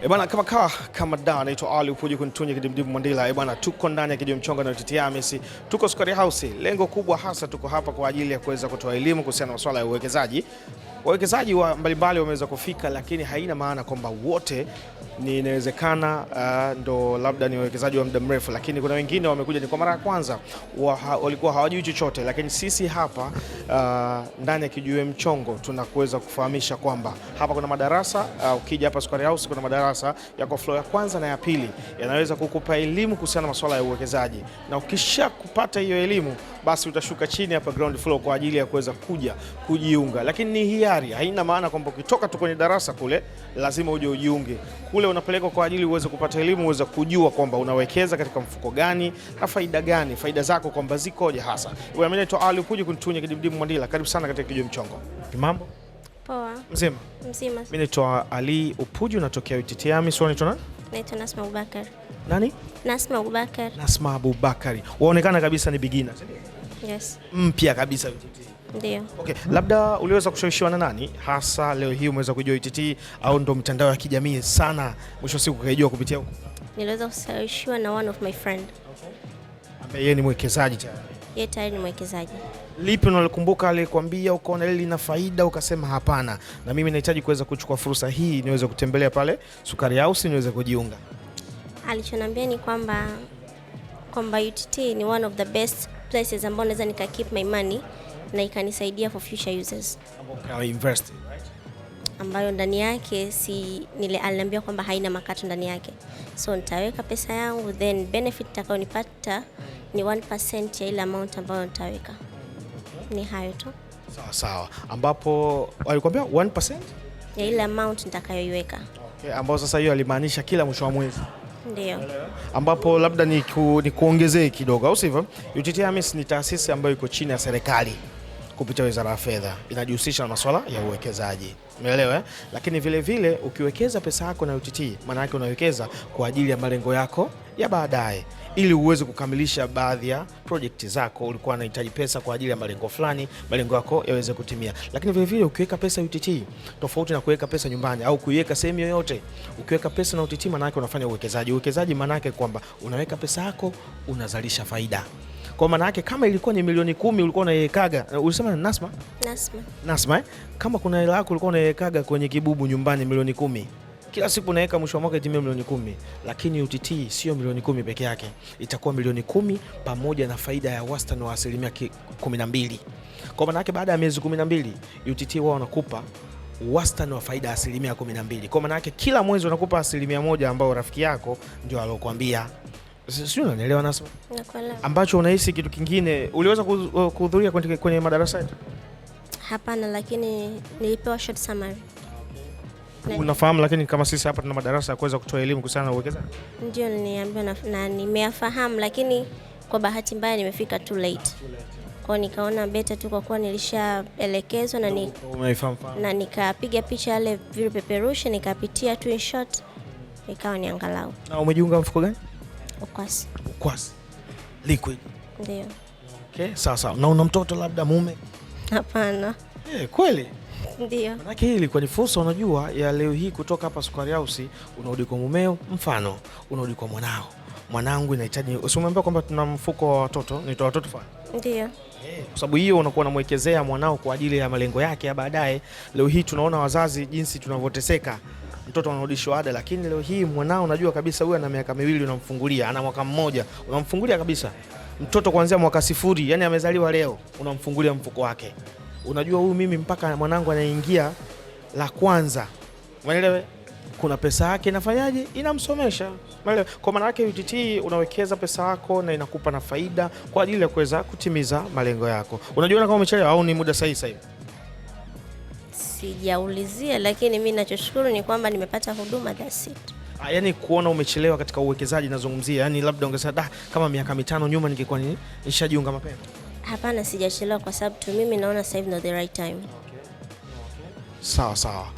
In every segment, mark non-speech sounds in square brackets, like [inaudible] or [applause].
E eh, bana, kama kaa kama da, anaitwa Ali Upuji kunitunye kidimdimu Mwandila. E eh, bana, tuko ndani ya Kijiwe Mchongo na TT AMIS, tuko Sukari House. Lengo kubwa hasa, tuko hapa kwa ajili ya kuweza kutoa elimu kuhusiana na masuala ya uwekezaji. Wawekezaji wa mbalimbali wameweza kufika, lakini haina maana kwamba wote ni inawezekana uh, ndo labda ni wawekezaji wa muda mrefu, lakini kuna wengine wamekuja ni kwa mara ya kwanza, walikuwa hawajui chochote, lakini sisi hapa uh, ndani ya Kijiwe Mchongo tunakuweza kufahamisha kwamba hapa kuna madarasa uh, ukija hapa Sukari House kuna madarasa yako floor ya kwanza na ya pili, yanaweza kukupa elimu kuhusiana na masuala ya uwekezaji, na ukisha kupata hiyo elimu basi utashuka chini hapa ground floor kwa ajili ya kuweza kuja kujiunga, lakini ni hiari, haina maana kwamba ukitoka tu kwenye darasa kule lazima uje ujiunge kule unapelekwa kwa ajili uweze kupata elimu, uweze kujua kwamba unawekeza katika mfuko gani na faida gani, faida zako kwamba zikoje hasa. naitwa ali upuje kunitunya kidimdimu Mwandila, karibu sana katika Kijiwe Mchongo. Mambo poa? Mzima mzima. Mimi naitwa Ali Upuju, natokea UTT AMIS. Sio naitwa nani? Naitwa Nasma Abubakar. Nani? Nasma Abubakar. Nasma Abubakar, waonekana kabisa ni beginner. Yes, mpya kabisa UTT ndio. Okay, labda uliweza kushawishiwa na nani hasa leo hii umeweza kujua UTT au ndo mitandao ya kijamii sana mwisho siku ukaijua kupitia huko? Niliweza kushawishiwa na one of my friend. Okay. Ambaye yeye ni mwekezaji tayari. Yeye tayari ni mwekezaji. Lipi unalokumbuka alikwambia ukaona ile lina faida ukasema hapana, na mimi nahitaji kuweza kuchukua fursa hii niweze kutembelea pale Sukari House niweze kujiunga? Alichonambia ni kwamba kwamba UTT ni one of the best places ambao naweza nika keep my money na ikanisaidia for future uses invest, right? ambayo ndani yake si nile aliniambia kwamba haina makato ndani yake, so nitaweka pesa yangu then benefit nitakayonipata ni 1% ya ile amount ambayo nitaweka. Ni hayo tu. Sawa sawa, ambapo alikwambia 1% ya ile amount nitakayoiweka. Okay, ambayo sasa hiyo alimaanisha kila mwisho wa mwezi ndio ambapo labda nikuongezee ni kidogo, au sivyo? UTT AMIS ni taasisi ambayo iko chini ya serikali kupitia Wizara ya Fedha inajihusisha na masuala ya uwekezaji, umeelewa? Eh? Lakini vile vile ukiwekeza pesa yako na UTT, maana yake unawekeza kwa ajili ya malengo yako ya baadaye, ili uweze kukamilisha baadhi ya projekti zako. Ulikuwa unahitaji pesa kwa ajili ya malengo fulani, malengo yako yaweze kutimia. Lakini vile vile ukiweka pesa UTT, tofauti na kuweka pesa nyumbani au kuiweka sehemu yoyote, ukiweka pesa na UTT, maana yake unafanya uwekezaji. Uwekezaji maana yake kwamba unaweka pesa yako, unazalisha faida. Kwa maana yake kama ilikuwa ni milioni kumi ulikuwa unaikaga, eh, ulisema Nasma? Nasma. Nasma eh? Kama kuna hela yako ulikuwa unaikaga kwenye kibubu nyumbani milioni kumi kila siku unaweka, mwisho wa mwaka itimie milioni kumi. Lakini UTT sio milioni kumi peke yake, itakuwa milioni kumi pamoja na faida ya wastani wa asilimia kumi na mbili. Kwa maana yake baada ya miezi kumi na mbili UTT wao wanakupa wastani wa faida asilimia kumi na mbili. Kwa maana yake kila mwezi unakupa asilimia moja, ambayo rafiki yako ndio aliokuambia Sio, unanielewa Nasma? Nakuelewa. Ambacho unahisi kitu kingine, uliweza kuhudhuria kwenye, kwenye madarasa yetu? Hapana, lakini nilipewa short summary. Unafahamu, lakini kama sisi hapa tuna madarasa ya kuweza kutoa elimu kuhusiana na uwekezaji. Ndio niliambiwa na, na nimeyafahamu, lakini kwa bahati mbaya nimefika too late. Kwa nikaona beta tu kwa kuwa nilishaelekezwa na, ni, na nikapiga picha yale virupeperushi nikapitia tu in short ikawa ni angalau. Na umejiunga mfuko gani? Ukwasi. Ukwasi. Liquid. Ndio. Okay, sawa sawa. Na una mtoto labda mume? Hapana. Eh, kweli? Ndio. Manake hii ilikuwa ni fursa unajua ya leo hii kutoka hapa Sukari House unarudi kwa mumeo, mfano unarudi kwa mwanao. Mwanangu inahitaji, usimwambie kwamba tuna mfuko wa watoto, ni watoto fulani. Ndio. Eh, kwa sababu hiyo unakuwa unamwekezea mwanao kwa ajili ya malengo yake ya baadaye. Leo hii tunaona wazazi jinsi tunavyoteseka mtoto anarudishwa ada, lakini leo hii mwanao unajua kabisa huyu ana miaka miwili, unamfungulia, ana mwaka mmoja, unamfungulia kabisa. Mtoto kuanzia mwaka sifuri, yani amezaliwa leo, unamfungulia mfuko wake, unajua huyu mimi mpaka mwanangu anaingia la kwanza, umeelewa? Kuna pesa yake inafanyaje, inamsomesha. Kwa maana yake UTT unawekeza pesa yako na inakupa na faida kwa ajili ya kuweza kutimiza malengo yako. Unajiona kama umechelewa au ni muda sahihi sasa hivi? sijaulizia, lakini mi nachoshukuru ni kwamba nimepata huduma that's it. Ah, yani kuona umechelewa katika uwekezaji nazungumzia, yani labda ungesema da, kama miaka mitano nyuma ningekuwa nishajiunga mapema. Hapana, sijachelewa kwa sababu tu mimi naona sasa hivi ndio the right time. Sawa sawa.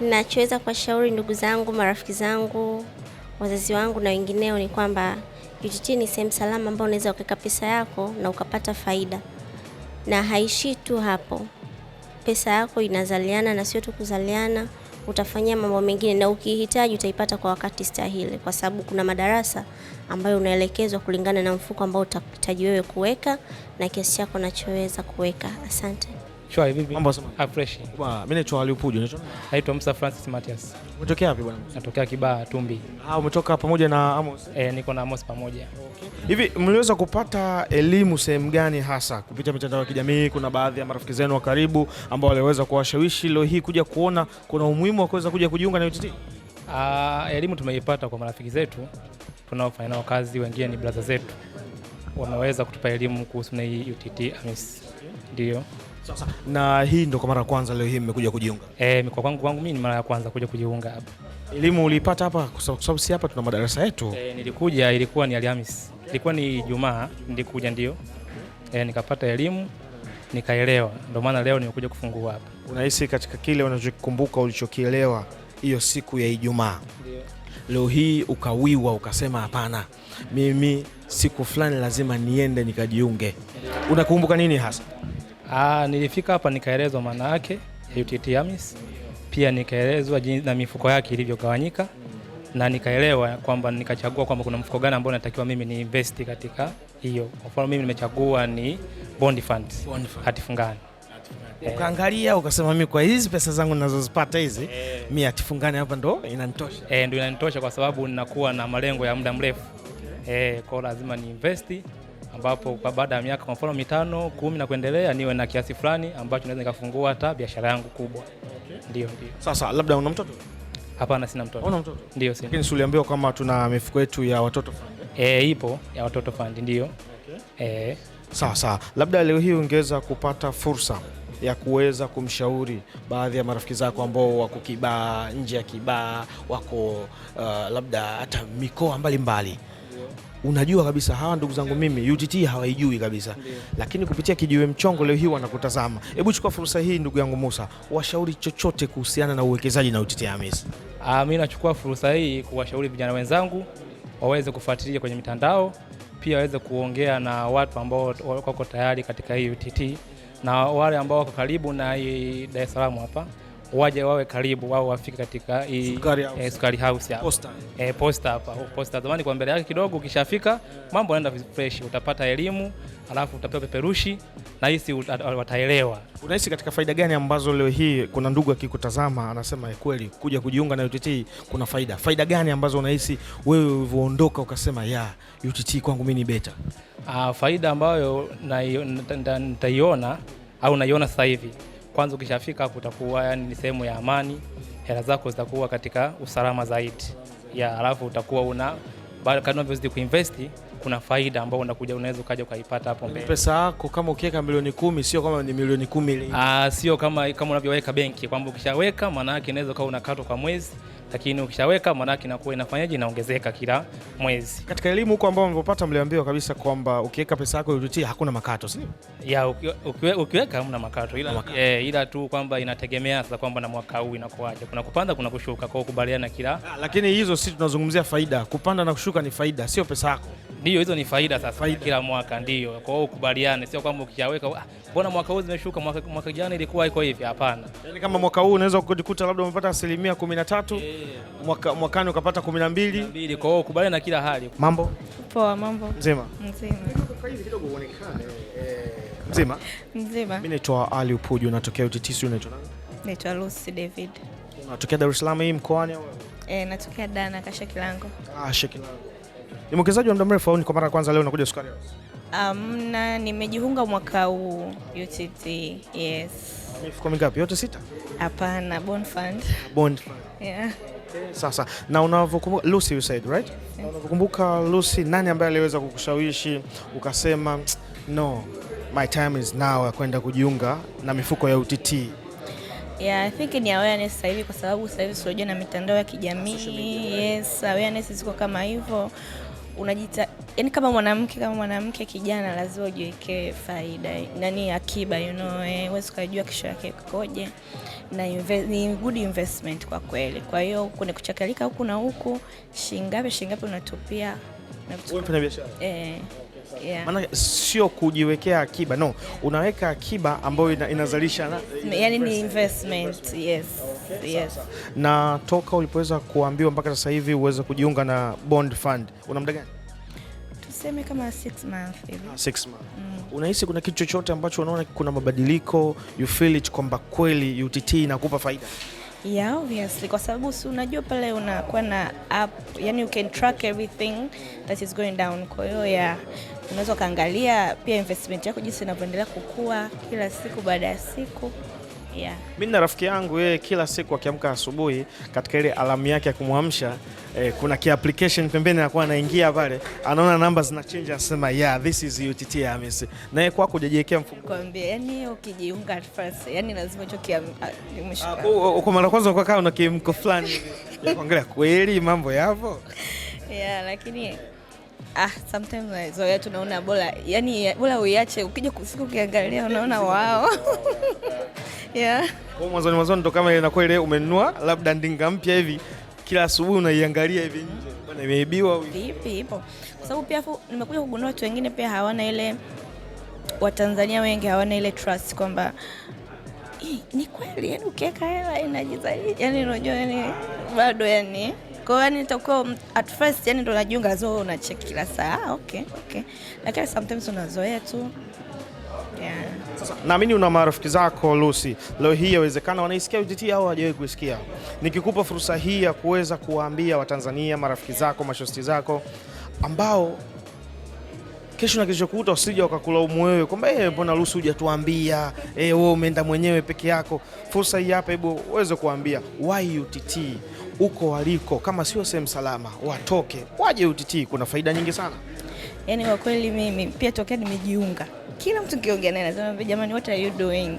Nachoweza kuwashauri ndugu zangu, marafiki zangu, wazazi wangu na wengineo ni kwamba UTT ni sehemu salama ambayo unaweza ukaweka pesa yako na ukapata faida, na haishii tu hapo pesa yako inazaliana, na sio tu kuzaliana, utafanyia mambo mengine, na ukihitaji utaipata kwa wakati stahili, kwa sababu kuna madarasa ambayo unaelekezwa kulingana na mfuko ambao utahitaji wewe kuweka na kiasi chako unachoweza kuweka. Asante. Shwari vipi? Mambo ah, fresh. Bwana, mimi naitwa Ali Upujo. Naitwa Musa Francis Matias. Umetokea wapi bwana? Natokea Kibaha Tumbi. Ah, umetoka pamoja na Amos? Eh, niko na Amos pamoja. Okay. Hivi mliweza kupata elimu sehemu gani hasa kupitia mitandao ya kijamii? Kuna baadhi ya marafiki zenu wa karibu ambao waliweza kuwashawishi leo hii kuja kuona kuna umuhimu wa kuweza kuja kujiunga na UTT? Ah, elimu tumeipata kwa marafiki zetu tunaofanya nao kazi, wengine ni brother zetu, wameweza kutupa elimu kuhusu na UTT AMIS. Ndio. Sasa na hii ndo kwa mara ya kwanza leo hii mmekuja kujiunga? Eh, kwa kwangu kwangu mimi ni mara ya kwanza kuja kujiunga hapa. Elimu ulipata hapa kwa sababu si hapa tuna madarasa yetu? Eh, nilikuja ilikuwa ni Alhamisi. Ilikuwa ni Ijumaa nilikuja ndio. Eh, nikapata elimu nikaelewa, ndio maana leo nimekuja kufungua hapa. Unahisi katika kile unachokumbuka ulichokielewa hiyo siku ya Ijumaa, leo hii ukawiwa ukasema, hapana, mimi siku fulani lazima niende nikajiunge, unakumbuka nini hasa? Ah, nilifika hapa nikaelezwa maana yake ya UTT AMIS, pia nikaelezwa na mifuko yake ilivyogawanyika na nikaelewa kwamba nikachagua kwamba kuna mfuko gani ambao natakiwa mimi ni invest katika hiyo. Kwa mfano mimi nimechagua ni bond funds, hati fungani eh. Ukaangalia ukasema mimi kwa hizi pesa zangu ninazozipata hizi eh, mimi hati hapa ndo inanitosha eh, ndo inanitosha kwa sababu ninakuwa na malengo ya muda mrefu eh, kwa lazima ni investi ambapo kwa baada ya miaka kwa mfano mitano kumi na kuendelea niwe na kiasi fulani ambacho naweza nikafungua hata biashara yangu kubwa. Okay. Ndio, ndio. Sasa labda una mtoto? Hapana, sina mtoto. Una mtoto? Ndio, sina. Lakini uliambiwa kama tuna mifuko yetu ya watoto fund. Eh, ipo ya watoto fund ndio. Okay. Eh. sawa, labda leo hii ungeweza kupata fursa ya kuweza kumshauri baadhi ya marafiki zako ambao wako kibaa, nje ya kibaa, wako uh, labda hata mikoa mbalimbali unajua kabisa hawa ndugu zangu mimi UTT hawaijui kabisa Ndiyo. Lakini kupitia kijiwe mchongo leo hii wanakutazama. Hebu chukua fursa hii ndugu yangu Musa, washauri chochote kuhusiana na uwekezaji na UTT AMIS. Ah, mimi nachukua fursa hii kuwashauri vijana wenzangu waweze kufuatilia kwenye mitandao, pia waweze kuongea na watu ambao wako tayari katika hii UTT na wale ambao wako karibu na hii Dar es Salaam hapa waje wawe karibu wao wafike katika hii Sukari House eh, posta, eh, posta hapa oh, posta zamani kwa mbele yake kidogo. Ukishafika mambo yanaenda fresh, utapata elimu alafu utapewa peperushi na hisi wataelewa. Unahisi katika faida gani ambazo leo hii kuna ndugu akikutazama anasema eh, kweli kuja kujiunga na UTT kuna faida? Faida gani ambazo unahisi wewe ulivyoondoka ukasema ya UTT kwangu mimi ni beta? Ah, faida ambayo nitaiona au naiona sasa hivi kwanza ukishafika hapo utakuwa yani ni sehemu ya amani, hela zako zitakuwa katika usalama zaidi ya, alafu utakuwa una kadri unavyozidi kuinvesti kuna faida ambayo unakuja unaweza ukaja ukaipata hapo mbele. Pesa yako kama ukiweka milioni kumi sio kama ni milioni kumi. Ah, sio kama kama unavyoweka benki kwamba ukishaweka maana yake inaweza kuwa unakatwa kwa mwezi, lakini ukishaweka maana yake inakuwa inafanyaje, inaongezeka kila mwezi. Katika elimu huko ambao mlipata mliambiwa kabisa kwamba ukiweka pesa yako UTT hakuna makato, sio? ya ukiweka hamna makato ila, makato. Eh, ila tu kwamba inategemea sasa kwamba na mwaka huu inakuaje, kuna kupanda kuna kushuka, kwa kukubaliana kila. Ah, lakini hizo si tunazungumzia faida, kupanda na kushuka ni faida, sio pesa yako. Ndio, hizo ni faida sasa faida. Kila mwaka ndio. Kwa hiyo ukubaliane, sio kwamba ukishaweka ah, mbona mwaka huu zimeshuka, mwaka, mwaka jana ilikuwa iko hivi. Hapana, yani kama mwaka huu unaweza kujikuta labda umepata asilimia kumi na tatu yeah. mwaka, mwakani ukapata kumi na mbili. Kwa hiyo ukubaliane na kila hali. Mambo poa, mambo mzima mzima kidogo mzima Mimi naitwa Ali Upuju, natokea UTT. Unaitwa nani? Naitwa Lucy David. Unatokea Dar es Salaam hii mkoani au? Eh, natokea Dana Kasha Kilango. Ah, Kasha Kilango. Ni mwekezaji wa muda mrefu au ni kwa mara ya kwanza leo unakuja Sukari House? Amna, um, nimejiunga mwaka huu UTT. Yes. Mifuko mingapi? Yote sita? Hapana, bond fund. Bond fund. Yeah. Sasa na unavyokumbuka Lucy you said right? Yes. Unavyokumbuka Lucy, nani ambaye aliweza kukushawishi ukasema no, my time is now ya kwenda kujiunga na mifuko ya UTT? Yeah, I think ni awareness sasa hivi kwa sababu sasa hivi sio na mitandao ya kijamii. Yes, awareness ziko kama hivyo. Unajita yani kama mwanamke kama mwanamke kijana lazima ujiwekee faida. Nani akiba, you know, eh, wewe kujua kesho yake kukoje. Na invest, ni good investment kwa kweli. Kwa hiyo kuna kuchakalika huku na huku, shilingi ngapi shilingi ngapi unatupia na mfanya biashara. Eh yeah. Maana sio kujiwekea akiba, no, unaweka akiba ambayo ina, inazalisha na, yani ni investment. Yes. Okay, yes. Na toka ulipoweza kuambiwa mpaka sasa hivi uweze kujiunga na bond fund una muda gani? Tuseme kama 6 months hivi. 6 months. Mm. Unahisi kuna kitu chochote ambacho unaona kuna mabadiliko you feel it kwamba kweli UTT inakupa faida? Yeah, obviously kwa sababu si unajua pale unakuwa na app, yani you can track everything that is going down. Kwa hiyo yeah unaweza ukaangalia pia investment yako jinsi inavyoendelea kukua kila siku baada ya siku. Yeah. Mimi na rafiki yangu yeye kila siku akiamka asubuhi katika ile alamu yake ya kumwamsha eh, kuna ki application pembeni anakuwa anaingia pale anaona namba zina change anasema yeah this is UTT AMIS. Na yeye kwako hujajiwekea mfumo. Nikwambia yani ukijiunga at first yani lazima hicho kia ah, ah, uh, kwa mara kwanza unakaa una kimko fulani [laughs] ya kuangalia kweli mambo yapo. Yeah, lakini ah, sometimes nazoea naona bora, yani bora uiache, ukija kusiku ukiangalia unaona wao [laughs] yeah. Kwa mwanzoni mwanzoni ndo kama ile inakuwa ile umenunua labda ndinga mpya hivi kila asubuhi unaiangalia hivi nje, bwana imeibiwa vipi, ipo. Kwa sababu pia afu nimekuja kugundua watu wengine pia hawana ile, Watanzania wengi hawana ile trust kwamba eh, ni kweli, yani ukiweka hela inajizai, yani unajua, yani bado yani kwa hiyo yani itakuwa at first yani ndo najiunga zo unacheki kila saa ah, okay, okay. Lakini sometimes unazoea tu. Yeah. naamini una marafiki zako Lucy, leo hii yawezekana wanaisikia UTT au hawajawahi kuisikia. Nikikupa fursa hii ya kuweza kuwaambia Watanzania marafiki zako, mashosti zako ambao kesho na kesho kilichokuta usija wakakulaumu wewe kwamba eh, mbona Lucy hujatuambia? Eh, wewe umeenda mwenyewe peke yako. Fursa hii hapa, hebu uweze kuambia why UTT huko waliko, kama sio sehemu salama, watoke waje UTT. Kuna faida nyingi sana yani kwa kweli. Mimi pia tokea nimejiunga, kila mtu kiongea naye anasema jamani, what are you doing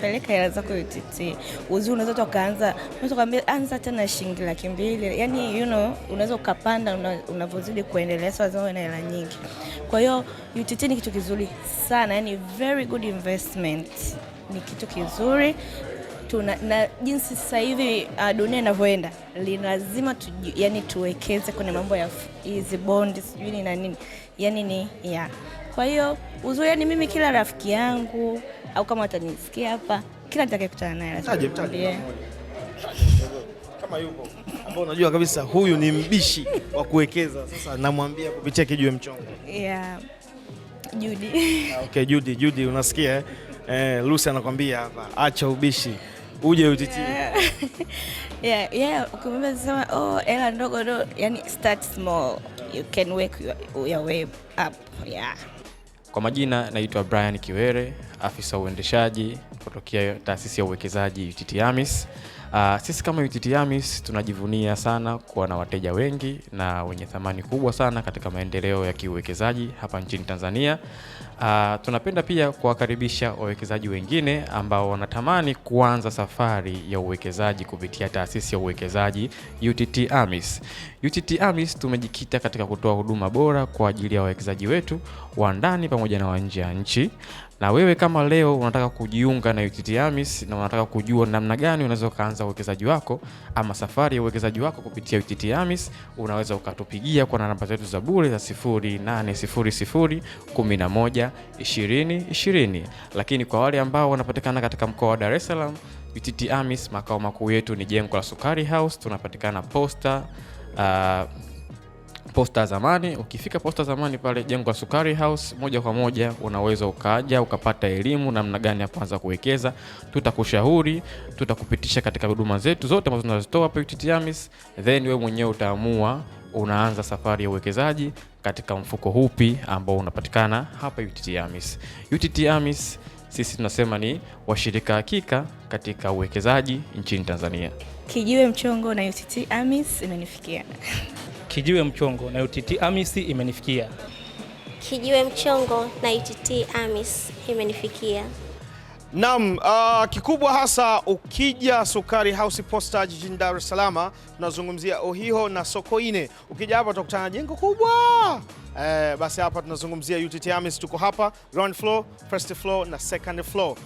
peleka hela zako UTT. Uzuri unaweza tukaanza, unaweza kwambia anza tena shilingi laki mbili, yani you know, unaweza ukapanda unavyozidi kuendelea, sasa lazima na hela nyingi. Kwa hiyo UTT ni kitu kizuri sana, yani very good investment, ni kitu kizuri tuna, na jinsi sasa hivi uh, dunia inavyoenda lazima tu, yani tuwekeze kwenye mambo ya hizi bondi sijui ni na nini yani ni ya. Kwa hiyo uzuri, yani mimi kila rafiki yangu au kama watanisikia hapa, kila nitakayekutana naye kama yupo ambao unajua kabisa huyu ni mbishi wa kuwekeza, sasa namwambia kupitia Kijiwe Mchongo yeah. Judy. Ah, okay, Judy, Judy unasikia eh? Eh, Lucy anakwambia hapa acha ubishi uje utiti [laughs] Yeah, yeah, ukimwambia sema oh, hela ndogo ndogo, yani start small. You can work your, your way up. Yeah. Kwa majina naitwa Brian Kiwere, afisa uendeshaji kutokea taasisi ya uwekezaji UTT AMIS. Uh, sisi kama UTT AMIS tunajivunia sana kuwa na wateja wengi na wenye thamani kubwa sana katika maendeleo ya kiuwekezaji hapa nchini Tanzania. Uh, tunapenda pia kuwakaribisha wawekezaji wengine ambao wanatamani kuanza safari ya uwekezaji kupitia taasisi ya uwekezaji UTT AMIS. UTT AMIS tumejikita katika kutoa huduma bora kwa ajili ya wawekezaji wetu wa ndani pamoja na wa nje ya nchi. Na wewe kama leo unataka kujiunga na UTT AMIS na unataka kujua namna gani unaweza kuanza uwekezaji wako ama safari ya uwekezaji wako kupitia UTT AMIS, unaweza ukatupigia kwa namba zetu za bure za 0800 Lakini kwa wale ambao wanapatikana katika mkoa wa Dar es Salaam, UTT AMIS makao makuu yetu ni jengo la Sukari House, tunapatikana Posta uh, posta zamani. Ukifika posta zamani pale jengo la Sukari House, moja kwa moja unaweza ukaja ukapata elimu namna gani ya kuanza kuwekeza. Tutakushauri, tutakupitisha katika huduma zetu zote ambazo tunazitoa Pitti then wewe mwenyewe utaamua unaanza safari ya uwekezaji katika mfuko hupi ambao unapatikana hapa UTT AMIS. UTT AMIS sisi tunasema ni washirika hakika katika uwekezaji nchini Tanzania. Kijiwe Mchongo na UTT AMIS imenifikia. [laughs] Kijiwe Mchongo na UTT AMIS imenifikia. Kijiwe Mchongo na UTT AMIS imenifikia. Naam, uh, kikubwa hasa ukija Sukari House Posta jijini Dar es Salaam tunazungumzia Ohiho na Sokoine. Ukija hapa utakutana na jengo kubwa. Eh, basi hapa tunazungumzia UTT AMIS tuko hapa ground floor, first floor na second floor.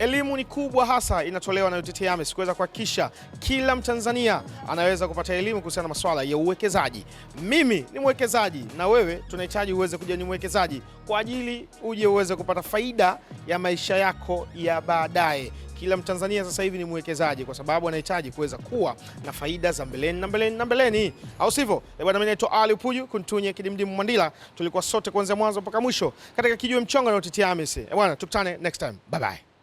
Elimu ni kubwa hasa inatolewa na UTT AMIS kuweza kuhakikisha kila Mtanzania anaweza kupata elimu kuhusiana na masuala ya uwekezaji. Mimi ni mwekezaji na wewe tunahitaji uweze kuja ni mwekezaji kwa ajili uje uweze kupata faida ya maisha yako ya baadaye. Kila Mtanzania sasa hivi ni mwekezaji kwa sababu anahitaji kuweza kuwa na faida za mbeleni na mbeleni na mbeleni, au sivyo? Eh, bwana, mimi naitwa Ali Upuju kuntunye kidimdimu Mwandila, tulikuwa sote kuanzia mwanzo mpaka mwisho katika Kijue Mchongo na UTT AMIS. Eh, bwana, tukutane next time, bye bye.